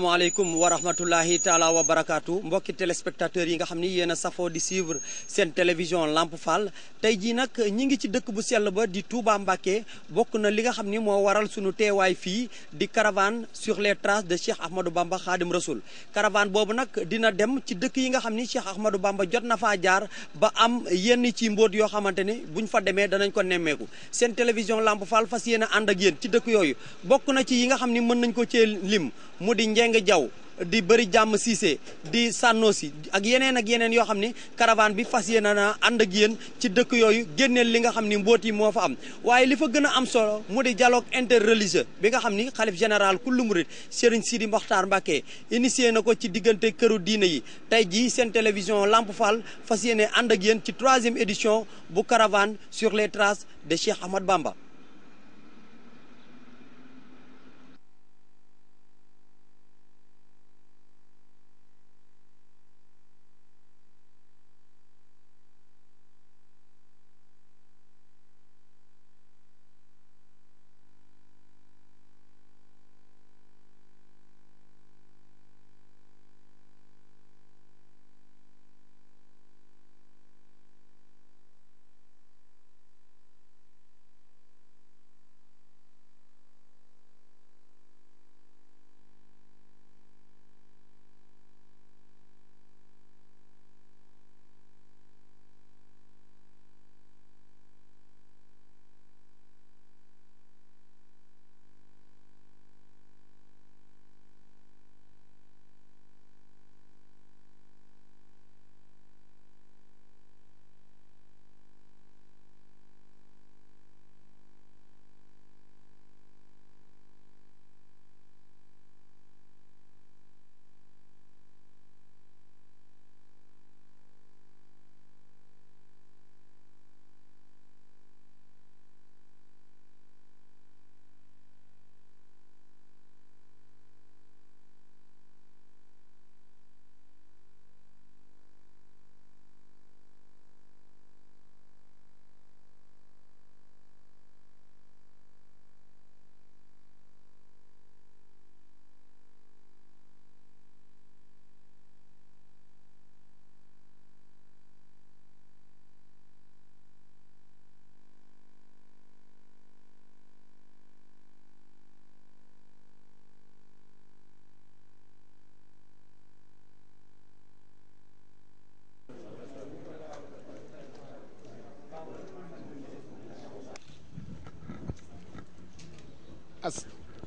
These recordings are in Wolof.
maaleykum wa rahmatullahi taala wa barakaatu mbokki téléspectateurs yi nga xam ni yéen a safoo di suivre seen télévision Lamp Fall tey jii nag ñi ngi ci dëkk bu sell ba di Touba Mbacké bokk na li nga xam ni moo waral sunu teewaay fii di caravane sur les traces de Cheikh Ahmadou Bamba Khadim Rasoul caravane boobu nag dina dem ci dëkk yi nga xam ni Cheikh Ahmadou Bamba jot na faa jaar ba am yenn ci mboot yoo xamante ni buñ fa demee danañ ko nemmeeku seen télévision Lamp Fall yéen a yéen ci dëkk yooyu bokk na ci yi nga xam ni mën nañ ko Mbengue Diaw di bëri jàmm Cissé di Sanosi ak yeneen ak yeneen yoo xam ni caravane bi fas yéene na ànd ak yéen ci dëkk yooyu génneel li nga xam ni mbóot yi moo fa am waaye li fa gën a am solo mu di dialogue interreligieux bi nga xam ni xalif général kullu murid Serigne Sidi Mokhtar Mbacké initié na ko ci diggante këru diine yi tey jii seen télévision Lamp Fall fas yéene ànd ak yéen ci troisième édition bu caravane sur les traces de Cheikh Ahmad Bamba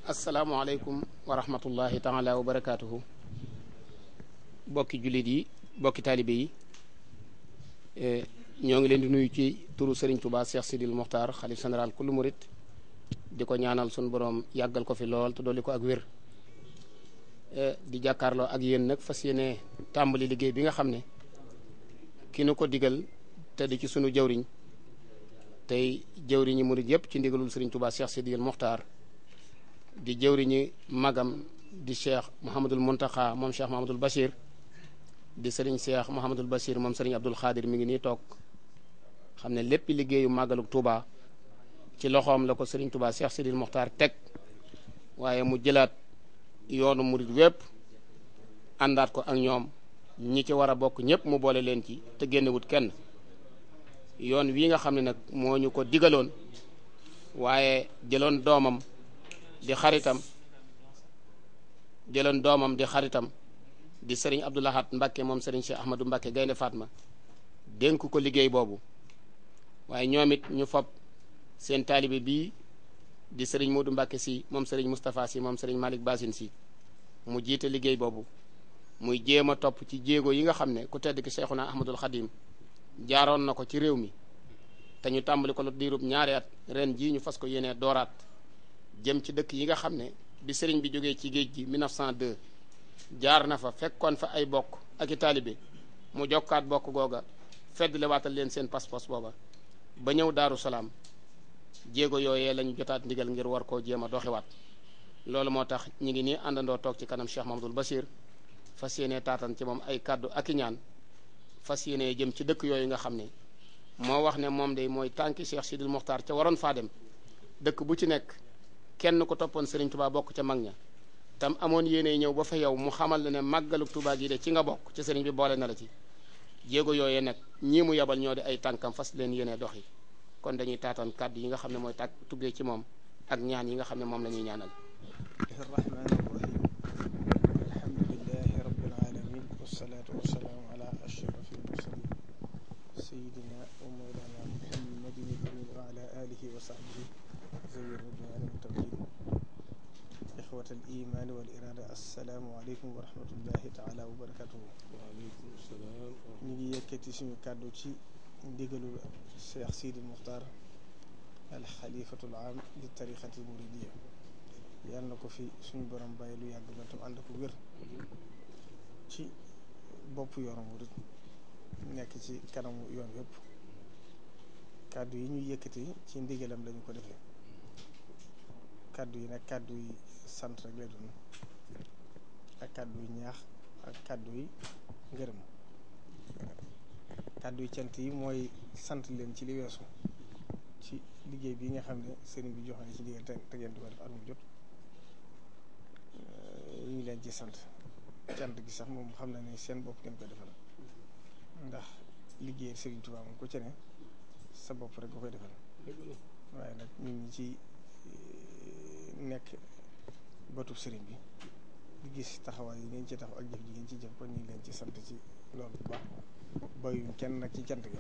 asalaamualeykum wa rahmatullahi taala wa barakaatuhu bokki jullit yi bokki taalibe yi ñoo ngi leen di nuyu ci turu Serigne Touba Cheikh Sidil Mokhtar xalif général kullu murit di ko ñaanal sunu borom yàggal ko fi lool te dolli ko ak wér di jàkkaarloo ak yéen nag fas yéene tàmbali liggéey bi nga xam ne ki nu ko digal te di ci sunu jawriñ tey jawriñi murit yëpp ci ndigalul Serigne Touba Cheikh Sidil Mokhtar di jëwriñi magam di cheikh Mouhamadul Mountakha moom cheikh Mouhamadul Bachir di sëriñ cheikh Mouhamadul Bachir moom sëriñ Abdul Xaadir mi ngi nii toog xam ne lépp liggéeyu màggaluk Touba ci loxoom la ko sëriñ Touba cheikh Sidil Mokhtar teg waaye mu jëlaat yoonu murit wépp àndaat ko ak ñoom ñi ci war a bokk ñëpp mu boole leen ci te génnewut kenn yoon wi nga xam ne nag moo ñu ko digaloon waaye jëloon doomam di xaritam jëloon doomam di xaritam di sëriñ Abdou Lahad Mbacke moom sëriñ Cheikh Ahmadou Mbacke gaynde Fatma dénk ko liggéey boobu waaye ñoom it ñu fob seen taalibe bii di sëriñ Modou Mbacke si moom sëriñ mustafa si moom sëriñ Malick Basine si mu jiite liggéey boobu muy jéem a topp ci jéego yi nga xam ne ku tedd ki Cheikhuna Ahmadul Xadim jaaroon na ko ci réew mi te ñu tàmbali ko lu diirub ñaari at ren jii ñu fas ko yéenee dooraat jëm ci dëkk yi nga xam ne bi sëriñ bi jógee ci géej gi 1902 jaar na fa fekkoon fa ay bokk ak i taalibe mu jokkaat bokk googa fedd lewaatal leen seen pas-pas booba ba ñëw daaru salaam jéego yooyee lañ jotaat ndigal ngir war koo jéem a doxiwaat loolu moo ñi ngi nii àndandoo toog ci kanam Cheikh Mamadul Basir fas yéenee taatan ci moom ay kàddu ak i ñaan fas yéenee jëm ci dëkk yooyu nga xam ne moo wax ne moom day mooy tànki Cheikh Sidil Mokhtar ca waroon faa dem dëkk bu ci nekk kenn ku toppoon Serigne Touba bokk ca mag tam amoon yéene ñëw ba fa yow mu xamal la ne màggalu Touba gi de ci nga bokk ci Serigne bi boole na la ci jéego yooyee nag ñii mu yabal ñoo di ay tànkam fas leen yéene doxi kon dañuy taataan kàddu yi nga xam ne mooy tàkk ci moom ak ñaan yi nga xam ne moom la ñuy ñaanal الإيمان والإرادة السلام علeykum wa rahmatullahi taala wa barakatuhu waaleykum salaam ñu ngi yëkkati suñu kàddu ci ndigalul Cheikh Sidi Muxtar al xalifatul am li tarixati muridiya yàlla na ko fi suñu borom bàyyi lu yàgg la tam ànd ko wér ci bopp yoonu murid nekk ci kanamu yoon yëpp kàddu yi ñu yëkkati ci ndigalam lañu ko defee kàddu yi nag kàddu yi sant rek lay doon ak kàddu yi ñaax ak kàddu yi ngërëm kàddu yi cant yi mooy sant leen ci li ci liggéey bi nga xam ne sëriñ bi joxoon ci liggéey te te ngeen di ko def at mu jot ñu leen ci sant cant gi sax moom xam na ne seen bopp ngeen koy defal ndax liggéey sëriñ Tuubaa moom ku ci sa bopp rek nga koy defal waaye nag ñun ñi ci nekk bëtub sëriñ bi di gis taxawaay yi ngeen ci taxaw ak jëf ji ngeen ci jëf kon ñu ngi leen ci sant ci loolu bu baax bayuñ kenn nag ci cant gi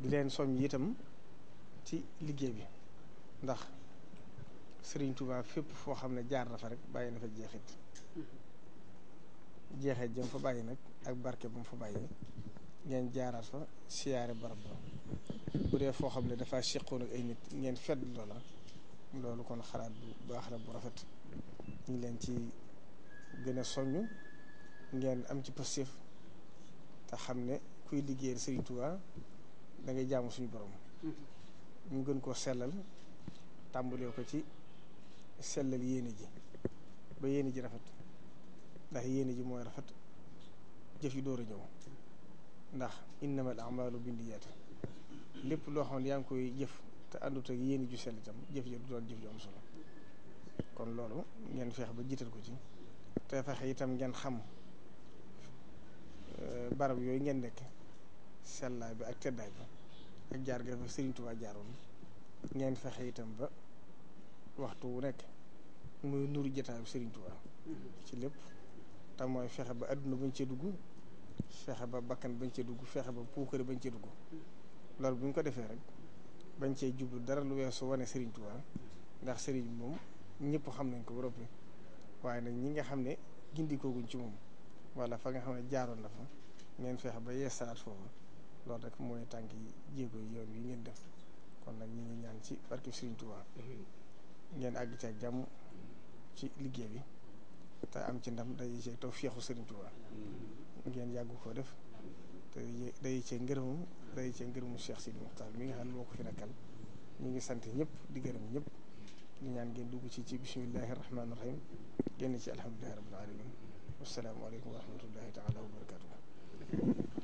di leen soñ itam ci liggéey bi ndax sëriñ Touba fépp foo xam ne jaar na fa rek bàyyi na fa jeexit jeexee jëm fa bàyyi nag ak barke bu fa bàyyi ngeen jaaraat fa siyaare barab ba bu dee foo xam ne dafa seqoon ak ay nit ngeen fedd loola loolu kon xalaat bu baax la bu rafet ñu leen ci gën a soññ ngeen am ci positif te xam ne kuy liggéeyal Sëriñ Tuubaa da ngay jaamu suñu boroom mu mm-hmm. gën koo sellal tàmbalee ko ci sellal yéene ji ba yéene ji rafet ndax yéene ji mooy rafet jëf yi door a ñëw ndax innamal a'maalu binniyaat lépp loo xam ne yaa ngi koy jëf te àndut ak yéen ju sell itam jëf ji du doon jëf ju am solo kon loolu ngeen feex ba jiital ko ci te fexe itam ngeen xam euh, barab yooyu ngeen nekk sellaay bi ak teddaay bi ak jaar ga fa Sëriñ Tuubaa jaaroon ngeen fexe itam ba waxtu wu nekk muy nuru jataayu Sëriñ Tuubaa ci lépp tam mooy fexe ba àdduna bañ cee dugg fexe ba bakkan bañ cee dugg fexe ba puukare bañ cee dugg loolu bu ñu ko defee rek bañ cee jublu dara lu weesu wane Serigne Touba ndax Serigne moom ñëpp xam nañ ko ba waaye nag ñi nga xam ne gindikooguñ ci moom wala fa nga xam ne jaaroon na fa ngeen fexe ba yeesalaat foofu loolu rek mooy tànk yi jéego yoon yi ngeen def kon nag ñu ngi ñaan ci barke Serigne Touba ngeen àgg ca jàmm ci liggéey bi te am ci ndam day ci taw féexu Serigne Touba ngeen yàggu koo def te day ci ngërëmam day ci ngërëmu Cheikh Sidi Mokhtar mi nga xam ne moo ko fi nekkal ñu ngi sant ñëpp di gërëm ñëpp di ñaan ngeen dugg ci ci bisimillahi rahmaani rahim génn ci alhamdulilahi rabbil alamin wasalaamualeykum wa rahmatullahi taala wa barakatuh